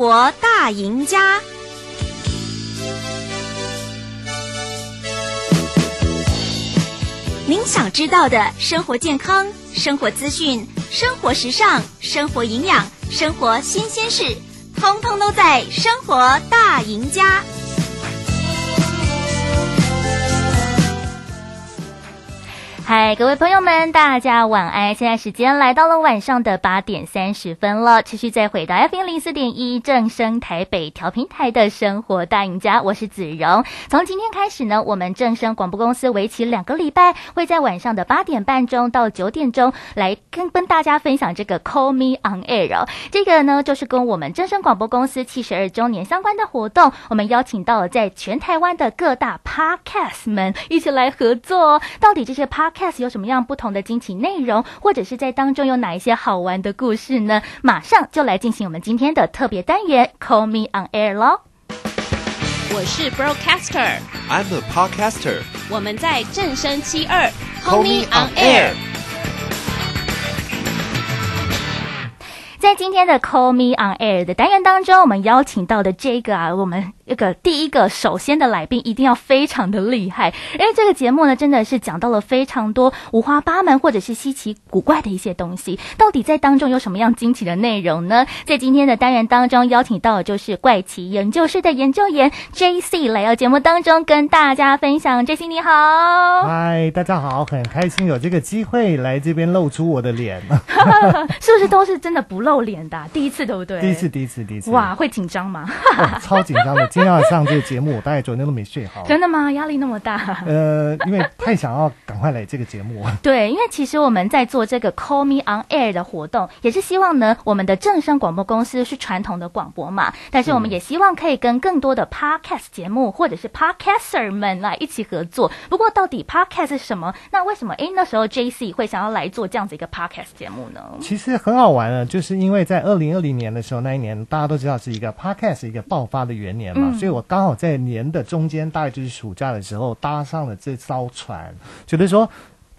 生活大贏家，您想知道的生活健康、生活資訊、生活時尚、生活營養、生活新鮮事，通通都在《生活大贏家》。嗨，各位朋友們，大家晚安。現在時間來到了晚上的八點三十分了，持續再回到 FM 一零四點一正聲台北調頻台的生活大贏家，我是子榕。從今天開始呢，我們正聲廣播公司為期兩個禮拜，會在晚上的八點半鐘到九點鐘，來跟跟大家分享這個 Call Me On Air 哦。這個呢，就是跟我們正聲廣播公司七十二周年相關的活動。我們邀請到了在全台灣的各大 Podcast 們一起來合作哦。到底這些 Podcast 有什麼樣不同的驚奇內容，或者是在當中有哪一些好玩的故事呢？馬上就來進行我們今天的特別單元，Call Me On Air 嘍！我是 Broadcaster，I'm a Podcaster。我們在正聲七二 Call,，Call Me on, on Air。在今天的 Call Me On Air 的單元當中，我們邀請到的這個啊，我們。這個第一個首先的來賓一定要非常的厲害，因為這個節目呢真的是講到了非常多五花八門或者是稀奇古怪的一些東西，到底在當中有什麼樣驚奇的內容呢？在今天的單元當中邀請到的就是怪奇研究室的研究員 JC 來到節目當中跟大家分享。 JC 你好，嗨，大家好，很開心有這個機會來這邊露出我的臉， 是不是都是真的不露臉的啊？第一次對不對？第一次，第一次，第一次。哇，會緊張嗎？ 哦，超緊張的。 今天晚上這個節目，我大概昨天都沒睡好。真的嗎？壓力那麼大？呃，因為太想要趕快來這個節目。 對，因為其實我們在做這個 Call Me On Air 的活動，也是希望呢，我們的正聲廣播公司是傳統的廣播嘛，但是我們也希望可以跟更多的 Podcast 節目或者是 Podcaster 們來一起合作。不過，到底 Podcast 是什麼？那為什麼哎那時候 JC 會想要來做這樣子一個 Podcast 節目呢？其實很好玩啊，就是因為在二零二零年的時候，那一年大家都知道是一個 Podcast 一個爆發的元年嘛。嗯所以我剛好在年的中間，大概就是暑假的時候，搭上了這艘船，覺得說。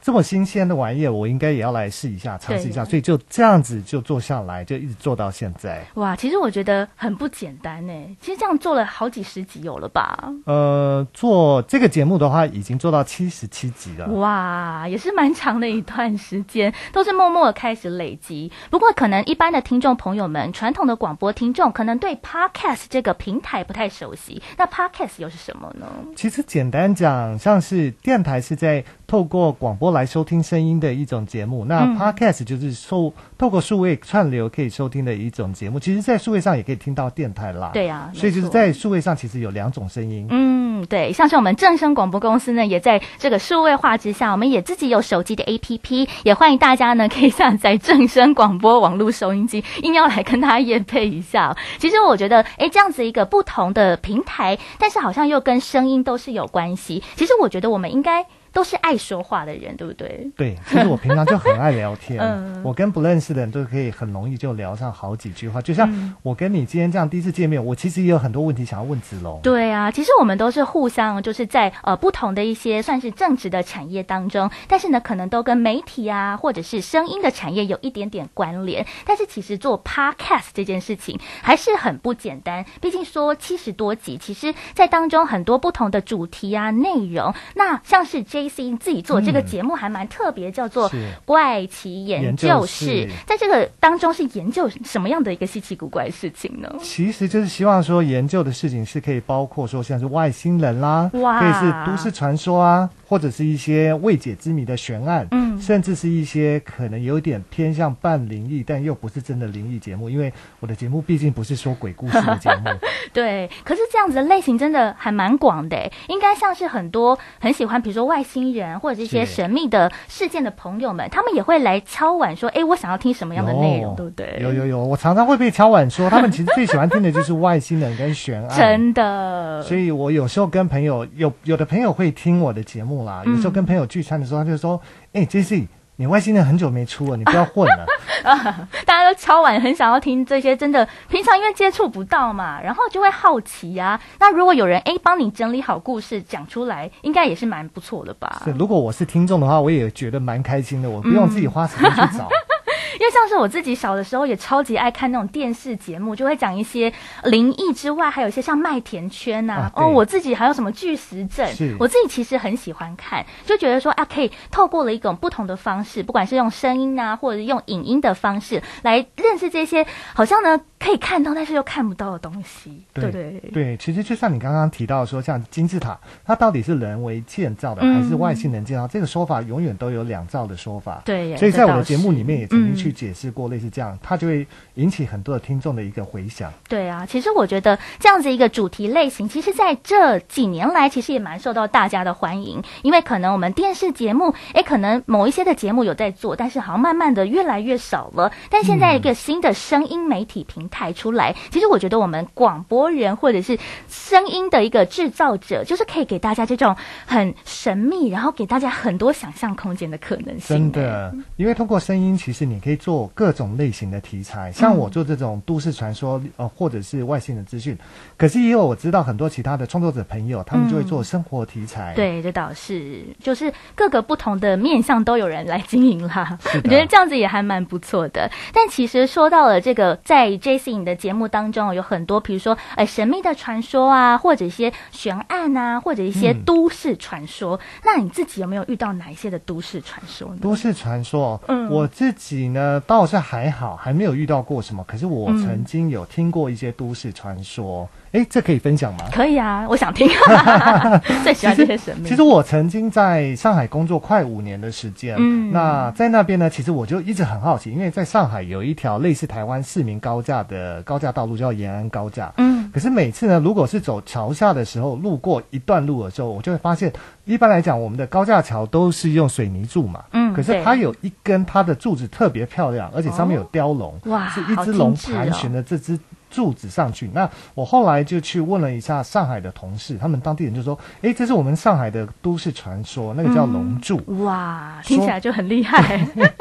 這麼新鮮的玩意，我應該也要來試一下，嘗試一下、啊。所以就這樣子就做下來，就一直做到現在。哇，其實我覺得很不簡單耶。其實這樣做了好幾十集有了吧？呃，做這個節目的話，已經做到七十七集了。哇，也是蠻長的一段時間，都是默默開始累積。不過，可能一般的聽眾朋友們，傳統的廣播聽眾，可能對 Podcast 這個平台不太熟悉。那 Podcast 又是什麼呢？其實簡單講，像是電台是在。透過廣播來收聽聲音的一種節目，那 Podcast 就是收透過數位串流可以收聽的一種節目、嗯。其實，在數位上也可以聽到電台啦。對呀、啊，所以就是在數位上其實有兩種聲音。嗯，對，像是我們正聲廣播公司呢，也在這個數位化之下，我們也自己有手機的 APP，也歡迎大家呢可以下載正聲廣播網絡收音機。硬要來跟大家業配一下、喔，其實我覺得，哎、欸，這樣子一個不同的平台，但是好像又跟聲音都是有關係。其實我覺得我們應該。都是愛說話的人，對不對？對，其實我平常就很愛聊天， 我跟不認識的人都可以很容易就聊上好幾句話。就像我跟你今天這樣第一次見面，嗯、我其實也有很多問題想要問子榕。對啊，其實我們都是互相就是在呃不同的一些算是正直的產業當中，但是呢，可能都跟媒體啊或者是聲音的產業有一點點關聯。但是其實做 Podcast 這件事情還是很不簡單，畢竟說七十多集，其實在當中很多不同的主題啊內容，那像是 J。自己做、嗯、這個節目還蠻特別，叫做怪奇研究、研究室。在這個當中是研究什麼樣的一個稀奇古怪的事情呢？其實就是希望說研究的事情是可以包括說像是外星人啦、哇，可以是都市傳說啊，或者是一些未解之謎的懸案、嗯，甚至是一些可能有點偏向半靈異，但又不是真的靈異節目。因為我的節目畢竟不是說鬼故事的節目。 對，可是這樣子的類型真的還蠻廣的，應該像是很多很喜歡，比如說外星人。新人、或者一些神秘的事件的朋友們，他們也會來敲碗說：“哎、欸，我想要聽什麼樣的內容，對不對？”有有有，我常常會被敲碗說， 他們其實最喜歡聽的就是外星人跟懸案， 真的。所以我有時候跟朋友有有的朋友會聽我的節目啦、嗯，有時候跟朋友聚餐的時候，他就說：“哎 JC……’ JC, 你外星人很久沒出了，你不要混了。 啊、大家都敲碗，很想要聽這些，真的。平常因為接觸不到嘛，然後就會好奇呀、啊。那如果有人哎幫、欸、你整理好故事講出來，應該也是蠻不錯的吧？是，如果我是聽眾的話，我也覺得蠻開心的。我不用自己花時間去找。嗯 因為像是我自己小的時候也超級愛看那種電視節目，就會講一些靈異之外，還有一些像麥田圈吶、啊啊，哦，我自己還有什麼巨石陣，是，我自己其實很喜歡看，就覺得說啊，可以透過了一種不同的方式，不管是用聲音啊，或者用影音的方式來認識這些好像呢可以看到，但是又看不到的東西。對對對，其實就像你剛剛提到的說，像金字塔，它到底是人為建造的，嗯、還是外星人建造，嗯，這個說法永遠都有兩造的說法。對，所以在我的節目裡面也曾經、嗯。去解釋過類似這樣，它就會引起很多的聽眾的一個回響。對啊，其實我覺得這樣子一個主題類型，其實在這幾年來，其實也蠻受到大家的歡迎。因為可能我們電視節目，哎、欸，可能某一些的節目有在做，但是好像慢慢的越來越少了。但現在一個新的聲音媒體平台出來，嗯，其實我覺得我們廣播人或者是聲音的一個制造者，就是可以給大家這種很神秘，然後給大家很多想象空間的可能性，欸。真的，因為通過聲音，其實你可以。做各種類型的題材，像我做這種都市傳說、嗯，呃，或者是外星人資訊。可是也有我知道很多其他的創作者朋友、嗯，他們就會做生活題材。對，這倒是，就是各個不同的面向都有人來經營啦。我覺得這樣子也還蠻不錯的。但其實說到了這個，在 JC 你的節目當中，有很多，比如說，呃，神秘的傳說啊，或者一些懸案啊，或者一些都市傳說、嗯。那你自己有沒有遇到哪一些的都市傳說呢？都市傳說，嗯，我自己呢？嗯呃，倒是還好，還沒有遇到過什麼。可是我曾經有聽過一些都市傳說。嗯哎，這可以分享嗎？可以啊，我想聽。 最喜歡這些神秘。其實我曾經在上海工作快五年的時間，嗯，那在那邊呢，其實我就一直很好奇，因為在上海有一條類似台灣市民高架的高架道路，叫延安高架。嗯，可是每次呢，如果是走橋下的時候，路過一段路的時候，我就會發現，一般來講，我們的高架橋都是用水泥柱嘛。嗯，可是它有一根它的柱子特別漂亮，而且上面有雕龍，哇、哦，是一隻龍盤旋的這只。柱子上去。那我後來就去問了一下上海的同事，他們當地人就說：“誒、欸，這是我們上海的都市傳說，那個叫龍柱。嗯”哇，聽起來就很厲害、欸。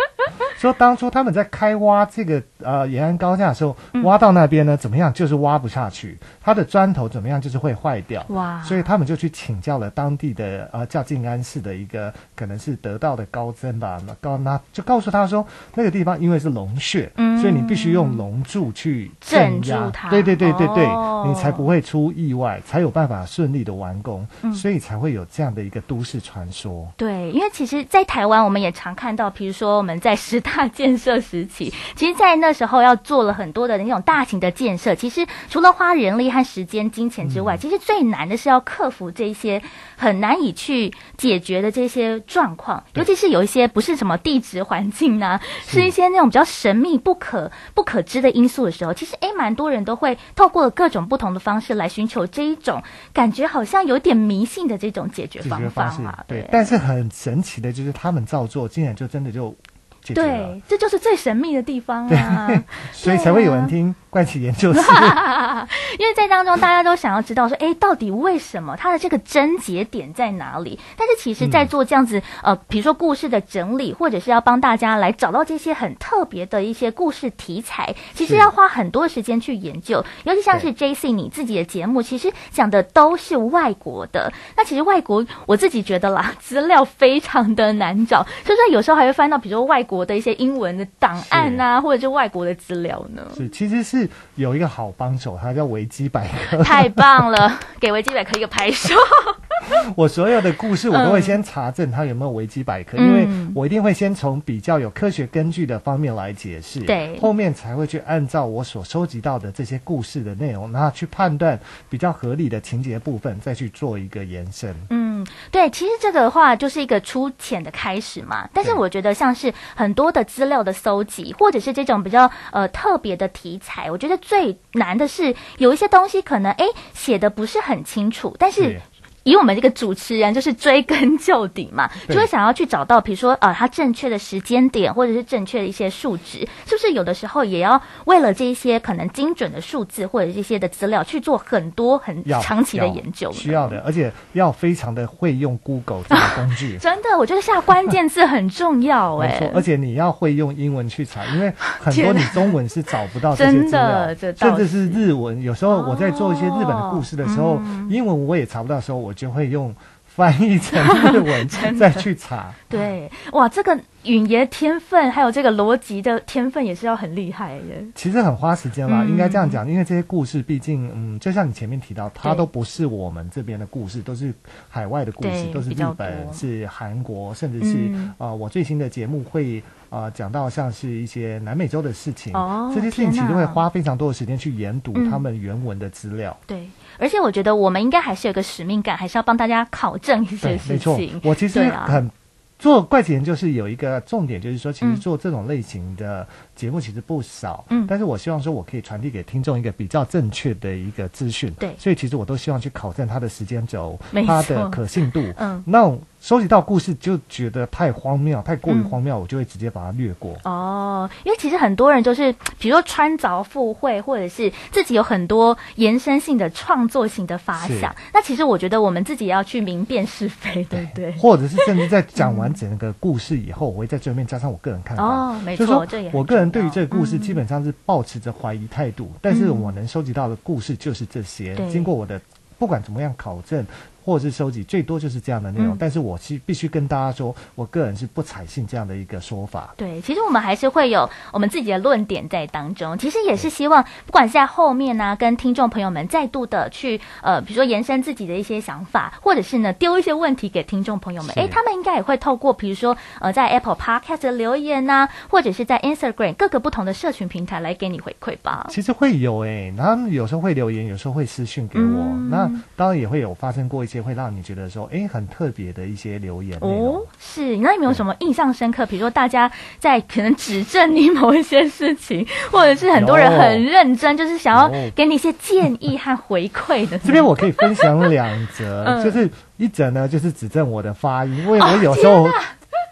說當初他們在開挖這個呃延安高架的時候，挖到那邊呢、嗯、怎麼樣，就是挖不下去，它的磚頭怎麼樣，就是會壞掉。哇！所以他們就去請教了當地的呃叫靜安寺的一個可能是得道的高僧吧，那告那就告訴他說，那個地方因為是龍穴，嗯、所以你必須用龍柱去鎮壓它、嗯。對對對對對、哦，你才不會出意外，才有辦法順利的完工，嗯、所以才會有這樣的一個都市傳說。嗯、對，因為其實，在台灣我們也常看到，譬如說我們在食堂。大建設時期，其實，在那時候要做了很多的那種大型的建設。其實除了花人力和時間、金錢之外，嗯，其實最難的是要克服這些很難以去解決的這些狀況。尤其是有一些不是什麼地質環境啊，是，是一些那種比較神秘、不可不可知的因素的時候，其實哎，蠻多人都會透過各種不同的方式來尋求這一種感覺，好像有點迷信的這種解決方法啊，解決方式，對。對，但是很神奇的就是他們照做，竟然就真的就。對，這就是最神秘的地方啊，對，所以才會有人聽。怪奇研究室 因為在當中，大家都想要知道說，哎、欸，到底為什麼它的這個症結點在哪裡？但是其實在做這樣子，嗯、呃，比如說故事的整理，或者是要幫大家來找到這些很特別的一些故事題材，其實要花很多時間去研究。尤其像是 JC 你自己的節目，其實講的都是外國的。那其實外國，我自己覺得啦，資料非常的難找，所以說有時候還會翻到，比如說外國的一些英文的檔案啊，或者是外國的資料呢。是，其實是。有一個好幫手，他叫維基百科，太棒了， 給維基百科一個拍手。 我所有的故事，我都會先查證他有沒有維基百科，嗯，因為我一定會先從比較有科學根據的方面來解釋，對，嗯，後面才會去按照我所收集到的這些故事的內容，然後去判斷比較合理的情節部分，再去做一個延伸。嗯。嗯、對，其實這個的話就是一個粗淺的開始嘛。但是我覺得，像是很多的資料的蒐集，或者是這種比較呃特別的題材，我覺得最難的是有一些東西可能哎寫的不是很清楚，但是。以我們這個主持人就是追根究底嘛，就會想要去找到，比如說呃，他正確的時間點或者是正確的一些數值，是不是有的時候也要為了這些可能精準的數字或者這些的資料去做很多很長期的研究呢？需要的，而且要非常的會用 Google 這個工具。 真的，我覺得下關鍵字很重要哎、欸，而且你要會用英文去查，因為很多你中文是找不到這些資料。 真的這，甚至是日文。有時候我在做一些日本的故事的時候，哦嗯、英文我也查不到的時候，我。我就會用翻譯成中文 的再去查。對，哇，這個語言天分，還有這個邏輯的天分，也是要很厲害耶。其實很花時間啦，嗯嗯嗯，應該這樣講，因為這些故事，畢竟，嗯，就像你前面提到，它都不是我們這邊的故事，都是海外的故事，都是日本，是韓國，甚至是啊、嗯呃，我最新的節目會。啊、呃，講到像是一些南美洲的事情，哦，這些事情其實會花非常多的時間去研讀他們原文的資料，啊嗯。對，而且我覺得我們應該還是有個使命感，還是要幫大家考證一些事情。沒錯，我其實很、啊、做怪奇人就是有一個重點，就是說，其實做這種類型的。嗯節目其實不少，嗯，但是我希望說我可以傳遞給聽眾一個比較正確的一個資訊，對，所以其實我都希望去考證他的時間軸，他的可信度。嗯，那收集到故事就覺得太荒謬、嗯，太過於荒謬，我就會直接把它略過。哦，因為其實很多人就是，比如說穿鑿附會，或者是自己有很多延伸性的創作性的發想，那其實我覺得我們自己要去明辨是非，對對，對，或者是甚至在講完整個故事以後，嗯、我會在最後面加上我個人看法。哦，沒錯，這也是我個人。對於這個故事，基本上是抱持着懷疑態度，嗯。但是我能收集到的故事就是這些。嗯、經過我的不管怎麼樣考證。或者是收集最多就是這樣的內容、嗯，但是我其必須跟大家說，我個人是不採信這樣的一個說法。對，其實我們還是會有我們自己的論點在當中，其實也是希望不管是在後面呢、啊，跟聽眾朋友們再度的去呃，比如說延伸自己的一些想法，或者是呢丟一些問題給聽眾朋友們，哎、欸，他們應該也會透過比如說呃在 Apple Podcast 的留言吶、啊，或者是在 Instagram 各個不同的社群平台來給你回饋吧。其實會有哎、欸，他們有時候會留言，有時候會私訊給我、嗯，那當然也會有發生過一。些會讓你覺得說，哎、欸，很特別的一些留言哦。是，那你有沒有什麼印象深刻？哦、比如說，大家在可能指正你某一些事情，哦、或者是很多人很認真、哦，就是想要給你一些建議和回饋的、哦。 這邊我可以分享兩則， 就是一則呢，就是指正我的發音，嗯、因為我有時候、哦。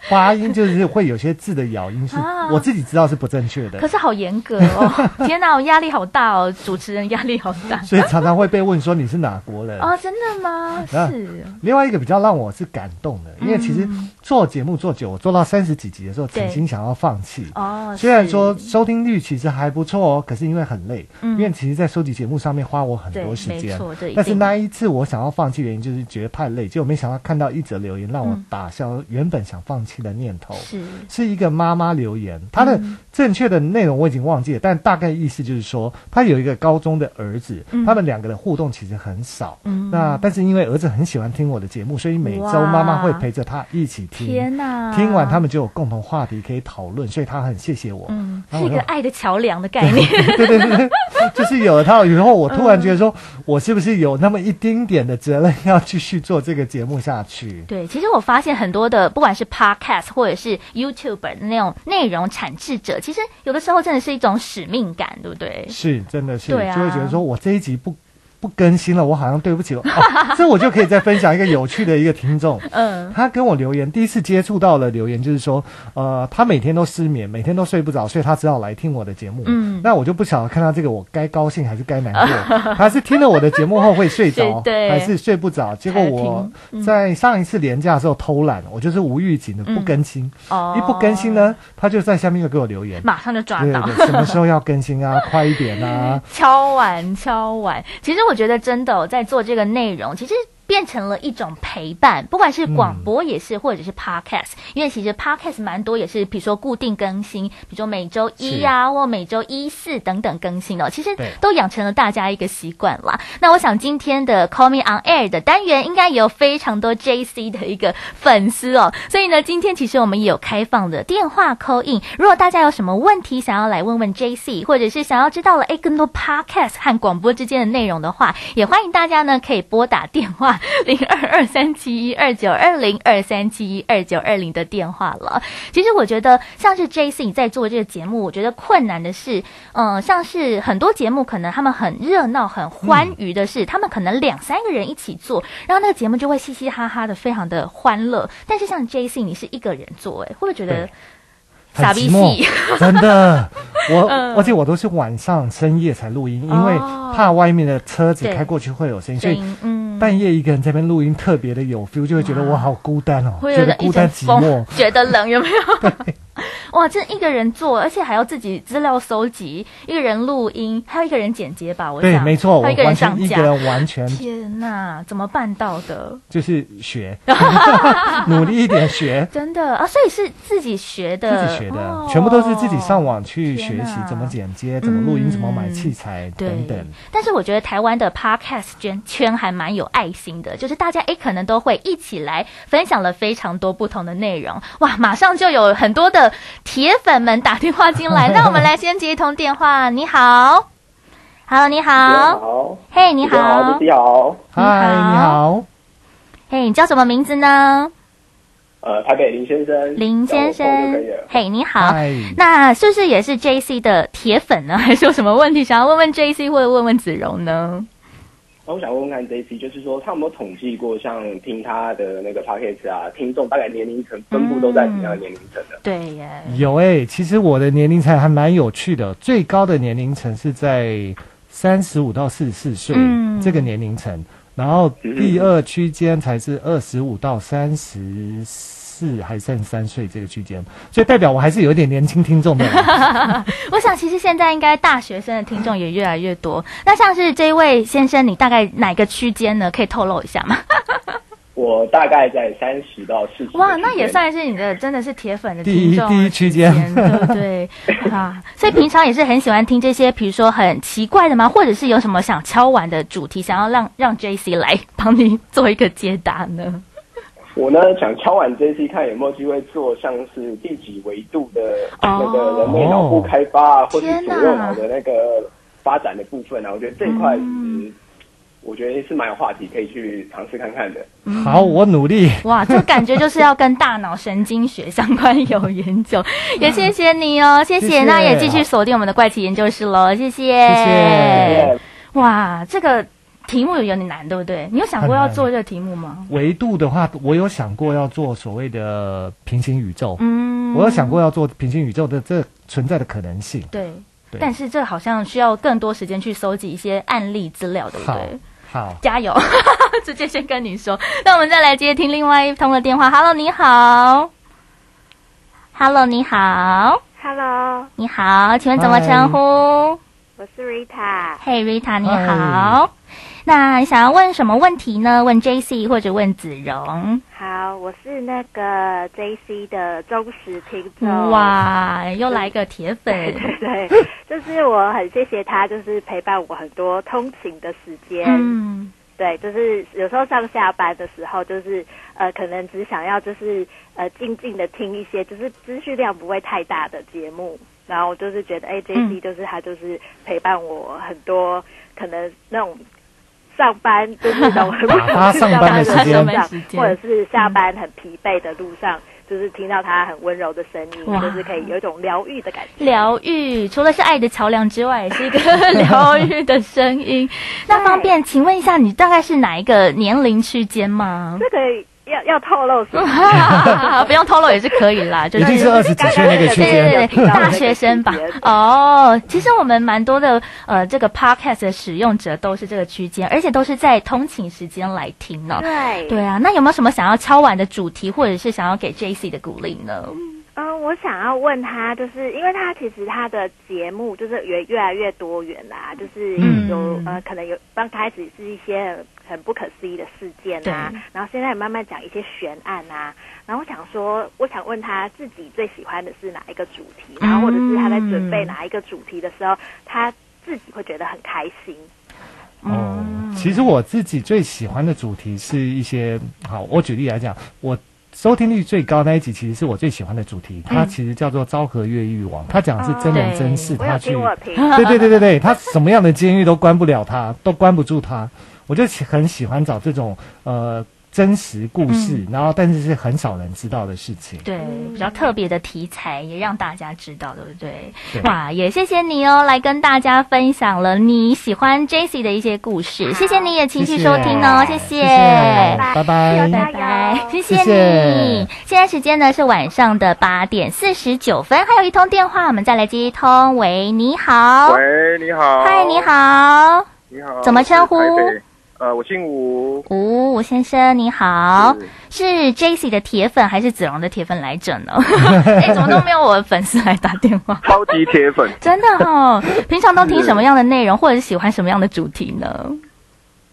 發音就是會有些字的咬音、 啊、是，我自己知道是不正確的。可是好嚴格哦！ 天吶，我壓力好大哦，主持人壓力好大， 所以常常會被問說你是哪國人？哦，真的嗎？啊、是。另外一個比較讓我是感動的，嗯、因為其實。做節目做久，我做到三十幾集的時候，曾經想要放棄。哦，oh, 雖然說收聽率其實還不錯哦，可是因為很累，嗯、因為其實在收集節目上面花我很多時間。對，沒錯，對。但是那一次我想要放棄，原因就是覺得太累。結果沒想到看到一則留言，讓我打消原本想放棄的念頭、嗯。是，是一個媽媽留言，她的、嗯。正確的內容我已經忘記了，但大概意思就是說，他有一個高中的兒子，他們兩個人互動其實很少。嗯，那但是因為兒子很喜歡聽我的節目、嗯，所以每周媽媽會陪着他一起聽。天哪！聽完他們就有共同話題可以討論，所以他很謝謝我。嗯，是一個愛的橋梁的概念。 對對對，就是有了他以後，我突然覺得說、嗯，我是不是有那麼一丁點的責任要繼續做這個節目下去？對，其實我發現很多的，不管是 Podcast 或者是 YouTuber 那種內容產製者。其實有的時候真的是一種使命感，對不對？是，真的是，就會、啊、覺得說我這一集不不更新了，我好像對不起我、 哦。這我就可以再分享一個有趣的一個聽眾， 嗯，他跟我留言，第一次接觸到的留言就是說，呃，他每天都失眠，每天都睡不着，所以他只好來聽我的節目。嗯，那我就不曉得看到這個，我該高興還是該難過、嗯？他是聽了我的節目後會睡着， 還是睡不着？結果我在上一次連假的時候偷懶、嗯，我就是無預警的不更新。哦、嗯，一不更新呢，他就在下面又給我留言，馬上就抓到對，對，對，什麼時候要更新啊？ 快一點啊！敲完敲完，其實。我覺得真的哦，在做這個內容，其實，變成了一種陪伴，不管是廣播也是，或者是 podcast，嗯，因為其實 podcast 蠻多也是，比如說固定更新，比如說每周一啊，啊，或每周一四等等更新哦。其實都養成了大家一個習慣啦。那我想今天的 Call Me On Air 的單元應該也有非常多 JC 的一個粉絲哦，所以呢，今天其實我們也有開放的電話 call in，如果大家有什麼問題想要來問問 JC，或者是想要知道了哎，欸，更多 podcast 和廣播之間的內容的話，也歡迎大家呢可以撥打電話。零二二三七一二九二零二三七一二九二零的電話了。其實我覺得像是 JC 你在做這個節目，我覺得困難的是，嗯，像是很多節目可能他們很熱鬧、很歡愉的是，他們可能兩三個人一起做，然後那個節目就會嘻嘻哈哈的，非常的歡樂。但是像 JC 你是一個人做，哎，會不會覺得寂寞？ 真的，我而且我，我都是晚上深夜才錄音，因為怕外面的車子開過去會有聲音，所以嗯。半夜一個人在那邊錄音，特別的有 feel，就會覺得我好孤單哦，會覺得孤單寂寞，覺得冷，有沒有？ 哇，這一個人做，而且還要自己資料蒐集，一個人錄音，還有一個人剪接吧？我想，對，沒錯，還有一個人上架，一個人完全。天哪，怎麼辦到的？就是學， 努力一點學。 真的啊，所以是自己學的，自己學的，哦、全部都是自己上網去學習怎麼剪接，怎麼錄音，怎、嗯、麼買器材等等。但是我覺得台灣的 Podcast 圈還蠻有愛心的，就是大家哎，可能都會一起來分享了非常多不同的內容。哇，馬上就有很多的。鐵粉們打電話進來， 那我們來先接一通電話。你好，Hello，你好，h、hey, 你好，Hi, 你好，你好，嗨，你好，嘿，你叫什麼名字呢？呃，他給林先生，林先生，嘿，hey, 你好，Hi，那是不是也是 JC 的鐵粉呢？還是有什麼問題想要問問 JC 或者問問子榕呢？啊、我想問問看這一期，就是說他有沒有統計過，像聽他的那個 podcasts 啊，聽眾大概年齡層分佈都在什麼樣的年齡層的？對耶，有哎、欸，其實我的年齡層還蠻有趣的，最高的年齡層是在三十五到四十四歲，這個年齡層，然後第二區間才是二十五到三十四。嗯嗯是還剩三歲這個區間，所以代表我還是有點年輕聽眾的。 我想其實現在應該大學生的聽眾也越來越多。那像是這一位先生，你大概哪個區間呢？可以透露一下嗎？ 我大概在三十到四十。哇，那也算是你的真的是鐵粉的聽眾，第一第一區間， 對，對啊。所以平常也是很喜歡聽這些，比如說很奇怪的嗎？或者是有什麼想敲碗的主題，想要讓讓 JC 來幫你做一個解答呢？我呢，想敲完這期，看有沒有機會做像是第幾維度的那個人類腦部開發啊，Oh, 或者左右腦的那個發展的部分啊。我覺得這一塊嗯，我覺得是蠻有話題可以去嘗試看看的。好，我努力。哇，這感覺就是要跟大腦神經學相關有研究， 也謝謝你哦，嗯、謝謝，謝謝。那也繼續鎖定我們的怪奇研究室嘍，謝謝。謝謝。Yeah. 哇，這個。題目有點難，對不對？你有想過要做這個題目嗎？維度的話，我有想過要做所謂的平行宇宙。嗯，我有想過要做平行宇宙的這存在的可能性對。對，但是這好像需要更多時間去搜集一些案例資料，對不對？好，好加油！ 直接先跟你說。那我們再來接聽另外一通的電話。Hello，你好。Hello，你好。Hello，你好，請問怎麼稱呼？我是 Rita。Hey，Rita，你好。Hi. 那想要問什麼問題呢？問 JC 或者問子榕？好，我是那個 JC 的忠實聽眾。哇，又來個鐵粉，對對對， 就是我很謝謝他，就是陪伴我很多通勤的時間。嗯，對，就是有時候上下班的時候，就是呃，可能只想要就是呃，靜靜的聽一些，就是資訊量不會太大的節目。然後我就是覺得哎，JC 就是他就是陪伴我很多，可能那種。 上班的路上，他上班很緊張，或者是下班很疲憊的路上，就是聽到他很溫柔的聲音，就是可以有一種療癒的感覺。療癒，除了是愛的橋樑之外，也是一個療癒的聲音。 那方便 請問一下，你大概是哪一個年齡區間嗎？這可以。要要透露是、啊， 不用透露也是可以啦，就是剛剛 那個 對，對，對對對， 大學生吧哦， oh, 其實我們蠻多的呃，這個 podcast 的使用者都是這個區間，而且都是在通勤時間來聽呢、喔。對對啊，那有沒有什麼想要敲碗的主題，或者是想要給 JC 的鼓勵呢？嗯、呃，我想要問他，就是因為他其實他的節目就是越來越多元啦，就是有、嗯、呃可能有剛開始是一些。很不可思議的事件啊，然後現在也慢慢講一些懸案啊，然後我想說，我想問他自己最喜歡的是哪一個主題，然後或者是他在準備哪一個主題的時候，嗯、他自己會覺得很開心。哦、嗯嗯嗯，其實我自己最喜歡的主題是一些，好，我舉例來講，我收聽率最高的那一集，其實是我最喜歡的主題，嗯、它其實叫做《昭和越獄王》，他講的是真人真事。他、嗯嗯、去對我聽我聽，對對對對對，他什麼樣的監獄都關不了他， 都關不住他。我就很喜歡找這種呃真實故事，嗯，然後但是是很少人知道的事情，對，嗯、比較特別的題材也讓大家知道，對不對，對？哇，也謝謝你哦，來跟大家分享了你喜歡 JC 的一些故事，謝謝你也繼續收聽哦，謝謝，謝謝謝謝謝謝謝謝，拜拜，拜拜，謝謝你。謝謝，現在時間呢是晚上的八點四十九分，謝謝，還有一通電話，我們再來接一通。喂，你好，喂，你好，嗨，你好，你好，怎麼稱呼？呃，我姓吳，吳、哦、吳先生你好，是，是 JC 的鐵粉還是子榕的鐵粉來整？呢？哎、 欸，怎麼都沒有我的粉絲來打電話？ 超級鐵鐵粉， 真的哦！平常都聽什麼樣的內容，或者是喜歡什麼樣的主題呢？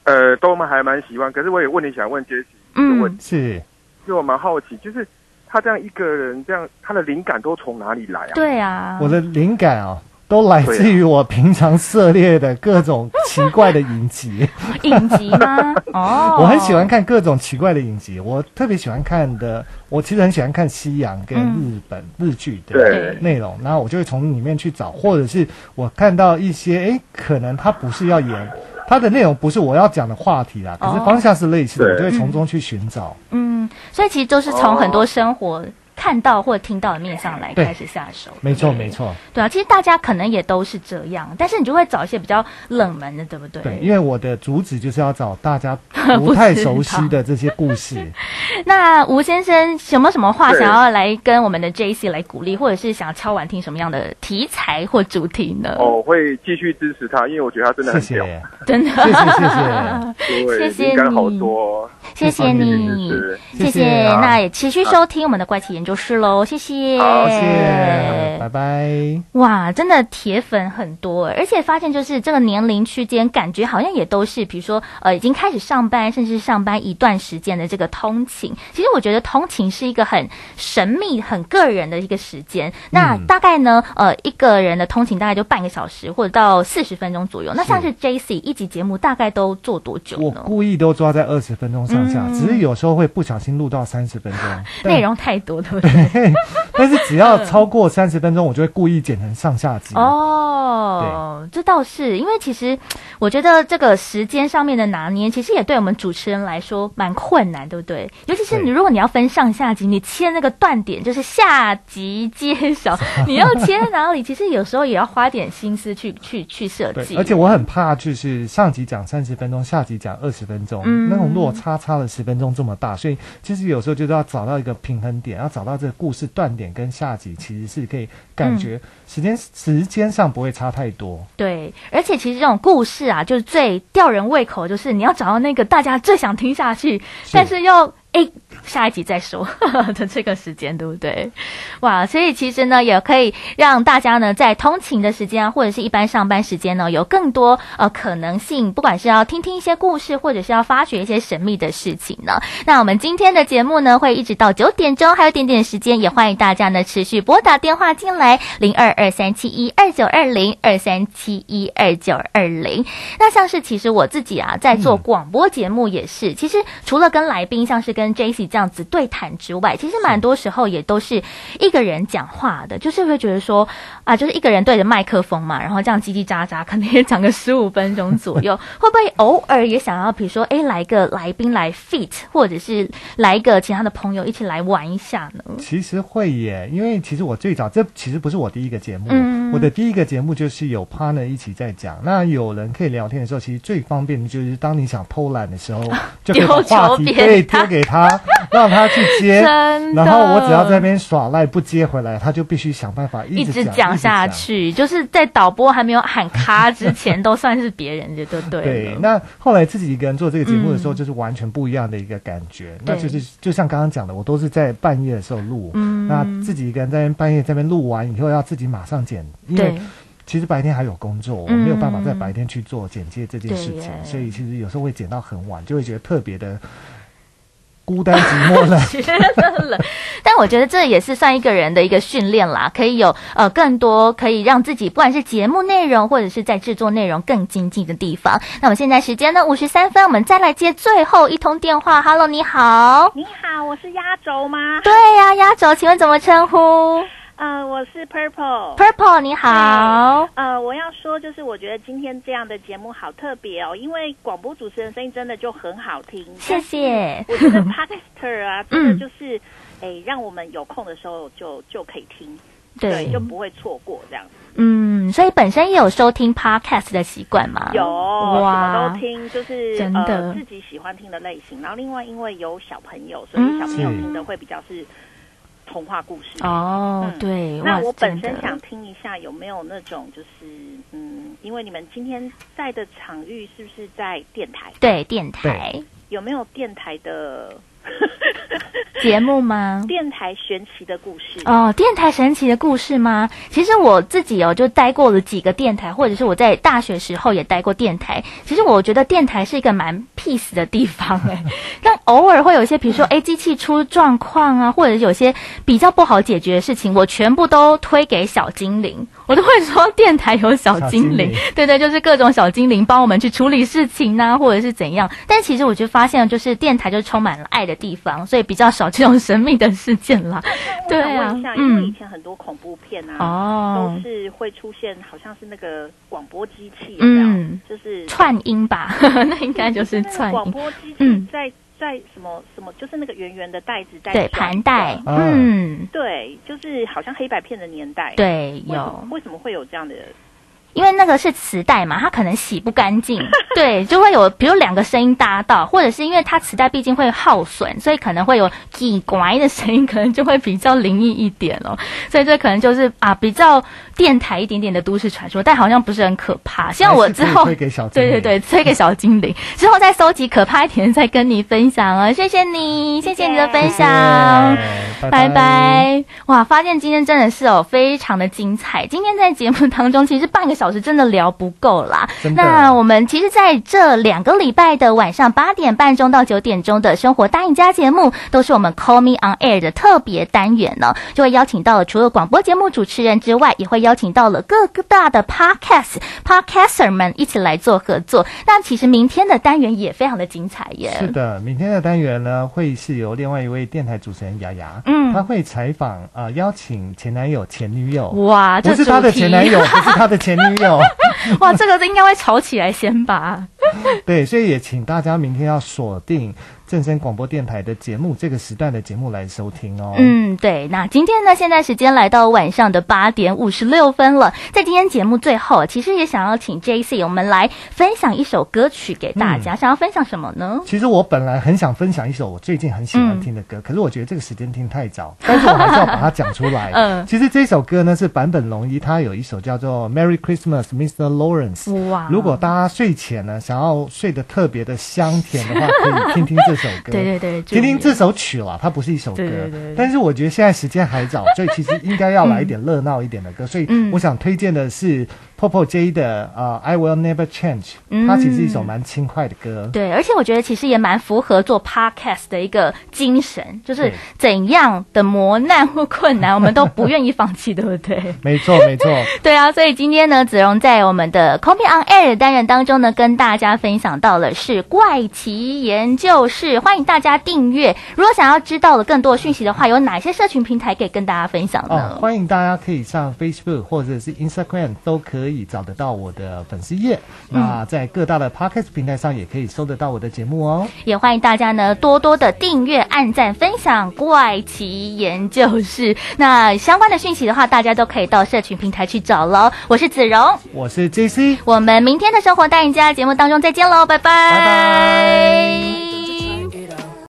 呃，都我們還蠻喜歡，可是我也問你想問 JC，嗯，就問，就我是，因我蠻好奇，就是他這樣一個人，這樣他的靈感都從哪裡來啊？對啊，我的靈感啊、哦。都來自於我平常涉獵的各種奇怪的影集， 影集嗎？哦、oh. 我很喜歡看各種奇怪的影集。我特別喜歡看的，我其實很喜歡看西洋跟日本日劇的內容。然後、嗯、我就會從裡面去找，或者是我看到一些，哎，可能它不是要演，它的內容不是我要講的話題啦，oh. 可是方向是類似的，我就會從中去尋找嗯。嗯，所以其實就是從很多生活。Oh. 看到或聽到的面上來開始下手。沒錯沒錯，對啊，其實大家可能也都是這樣，但是你就會找一些比較冷門的，對不對？對，因為我的主旨就是要找大家不太熟悉的這些故事。 不是 那吳先生有沒有什麼話想要來跟我們的 JC 來鼓勵，或者是想要敲碗聽什麼樣的題材或主題呢？哦，我會繼續支持他，因為我覺得他真的很酷，謝謝。真的，謝謝謝謝， 謝謝你，好多，謝謝你，謝謝，謝,謝、啊，那也持續收聽我們的怪奇研。就是嘍，謝謝，oh, 謝謝，拜拜。哇，真的鐵粉很多，欸，而且發現就是這個年齡區間，感覺好像也都是，比如說，呃，已經開始上班，甚至上班一段時間的這個通勤。其實我覺得通勤是一個很神秘、很個人的一個時間。那大概呢，嗯、呃，一個人的通勤大概就半個小時，或者到四十分鐘左右。那像是 JC 一集節目大概都做多久呢？我故意都抓在二十分鐘上下，嗯，只是有時候會不小心錄到三十分鐘，嗯，內容太多了。 對但是只要超過三十分鐘， 我就會故意剪成上下集。哦、oh，這倒是，因為其實我覺得這個時間上面的拿捏，其實也對我們主持人來說蠻困難，對不對？尤其是你，如果你要分上下集，你切那個斷點就是下集接手 你要切哪裡？其實有時候也要花點心思去去去設計。而且我很怕就是上集講三十分鐘，下集講二十分鐘、嗯，那種落差差了十分鐘這麼大，所以其實有時候就是要找到一個平衡點，要找。找到這個故事斷點跟下集，其實是可以感覺時間、嗯、時間上不會差太多。對，而且其實這種故事啊，就是最吊人胃口，就是你要找到那個大家最想聽下去，是但是又。哎，下一集再說，呵呵，的這個時間，對不對？哇，所以其實呢，也可以讓大家呢，在通勤的時間啊，或者是一般上班時間呢，有更多呃可能性，不管是要聽聽一些故事，或者是要發掘一些神秘的事情呢。那我們今天的節目呢，會一直到九點鐘，還有點點時間，也歡迎大家呢持續撥打電話進來，零二二三七一二九二零二三七一二九二零。那像是其實我自己啊，在做廣播節目也是，嗯、其實除了跟來賓，像是跟跟 JC 這樣子對談之外，其實蠻多時候也都是一個人講話的，就是會覺得說啊，就是一個人對着麥克風嘛，然後這樣嘰嘰喳喳，可能也講個十五分鐘左右。 會不會偶爾也想要，比如說，哎、欸，來個來賓來 fit，或者是來一個其他的朋友一起來玩一下呢？其實會耶，因為其實我最早這其實不是我第一個節目、嗯，我的第一個節目就是有 partner 一起在講。那有人可以聊天的時候，其實最方便的就是當你想偷懶的時候，就可以話題丟給他。 他 讓他去接，然後我只要在那邊耍賴不接回來，他就必須想辦法一直講下去。就是在導播還沒有喊卡之前，都算是別人的不 對。對，那後來自己一個人做這個節目的時候、嗯，就是完全不一樣的一個感覺。那就是就像剛剛講的，我都是在半夜的時候錄、嗯，那自己一個人在半夜這邊錄完以後，要自己馬上剪，對，因為其實白天還有工作、嗯，我沒有辦法在白天去做剪接這件事情，所以其實有時候會剪到很晚，就會覺得特別的。孤單寂寞了， 覺得冷笑但我覺得這也是算一個人的一個訓練啦，可以有呃更多可以讓自己，不管是節目內容或者是在制作內容更精進的地方。那我們現在時間呢，五十三分，我們再來接最後一通電話。Hello，你好，你好，我是壓軸嗎？對呀、啊，壓軸，請問怎麼稱呼？呃，我是 Purple，Purple Purple，你好。呃，呃，我要說就是，我覺得今天這樣的節目好特別哦，因為廣播主持人聲音真的就很好聽。謝謝，我覺得 Podcast 啊，真的就是，誒、 嗯欸、讓我們有空的時候就就可以聽，對，對就不會錯過這樣。嗯，所以本身也有收聽 Podcast 的習慣嗎？有哇，什麼都聽，就是真、呃、自己喜歡聽的類型。然後另外，因為有小朋友，所以小朋友聽的會比較是。童話故事哦、oh, 嗯，對。那我本身想聽一下有沒有那種，就是嗯，因為你們今天在的場域是不是在電台？對，電台有沒有電台的？節目嗎？電台神奇的故事哦，電台神奇的故事嗎？其實我自己哦，就待過了幾個電台，或者是我在大學時候也待過電台。其實我覺得電台是一個蠻 peace 的地方 但偶爾會有一些，比如說 A 機器出狀況啊，或者有些比較不好解決的事情，我全部都推給小精靈。我都會說電台有小精靈，小精靈，對對，就是各種小精靈幫我們去處理事情吶、啊，或者是怎樣。但其實我就發現，就是電台就是充滿了愛的地方，所以比較少這種神秘的事件啦。嗯對啊、我想問一下、嗯，因為以前很多恐怖片啊、哦，都是會出現好像是那個廣播機器，有有嗯，就是串音吧呵呵？那應該就是串音 廣播機器在、嗯。帶什麼什麼，就是那個圓圓的袋子，帶盤帶，嗯，對，就是好像黑白片的年代，對，有，為什麼會有這樣的？因為那個是磁帶嘛，它可能洗不乾淨， 對，就會有比如兩個聲音搭到，或者是因為它磁帶畢竟會耗損，所以可能會有奇怪的聲音，可能就會比較靈異一點哦。所以這可能就是啊，比較電台一點點的都市傳說，但好像不是很可怕。希望我之後對對對，吹個小精靈 之後再蒐集可怕一點再跟你分享哦，謝謝你，謝謝你的分享謝謝拜拜，拜拜。哇，發現今天真的是哦，非常的精彩。今天在節目當中其實半個小時。老師真的聊不夠啦真的！那我們其實在這兩個禮拜的晚上八點半鐘到九點鐘的生活答應家節目，都是我們 Call Me On Air 的特別單元呢、哦，就會邀請到了除了廣播節目主持人之外，也會邀請到了各個大的 Podcast Podcaster 們一起來做合作。那其實明天的單元也非常的精彩耶！是的，明天的單元呢，會是由另外一位電台主持人雅雅，嗯，他會採訪啊、呃，邀請前男友、前女友，哇，這是他的前男友，不是他的前女友。 哇，這個應該會吵起來先吧。 對，所以也請大家明天要鎖定正聲廣播電台的節目，這個時段的節目來收聽哦。嗯，對。那今天呢，現在時間來到晚上的八點五十六分了。在今天節目最後，其實也想要請 JC 我們來分享一首歌曲給大家，嗯。想要分享什麼呢？其實我本來很想分享一首我最近很喜歡聽的歌，嗯，可是我覺得這個時間聽太早， 但是我還是要把它講出來。 嗯，其實這首歌呢是坂本龍一，他有一首叫做《Merry Christmas, Mr. Lawrence》。哇，如果大家睡前呢想。然後睡得特別的香甜的話，可以聽聽這首歌。 對對對，聽聽這首曲 對對對了，它不是一首歌，對對對對對。但是我覺得現在時間還早， 所以其實應該要來一點熱鬧一點的歌， 所以我想推薦的是。Popo J 的啊、uh，I will never change，嗯、它其實是一首蠻輕快的歌。對，而且我覺得其實也蠻符合做 Podcast 的一個精神，就是怎樣的磨難或困難， 我們都不願意放棄， 對不對？沒錯，沒錯。 對啊，所以今天呢，子榕在我們的《Call Me On Air》單元當中呢，跟大家分享到了是怪奇研究室，歡迎大家訂閱。如果想要知道的更多訊息的話， 有哪些社群平台可以跟大家分享呢？哦、歡迎大家可以上 Facebook 或者是 Instagram 都可以。找得到我的粉絲頁、嗯，那在各大的 podcast 平台上也可以搜得到我的節目哦。也歡迎大家呢多多的訂閱、按讚、分享《怪奇研究室》。那相關的訊息的話，大家都可以到社群平台去找嘍。我是子榕，我是 JC，我們明天的生活大贏家節目當中再見嘍，拜拜。拜拜。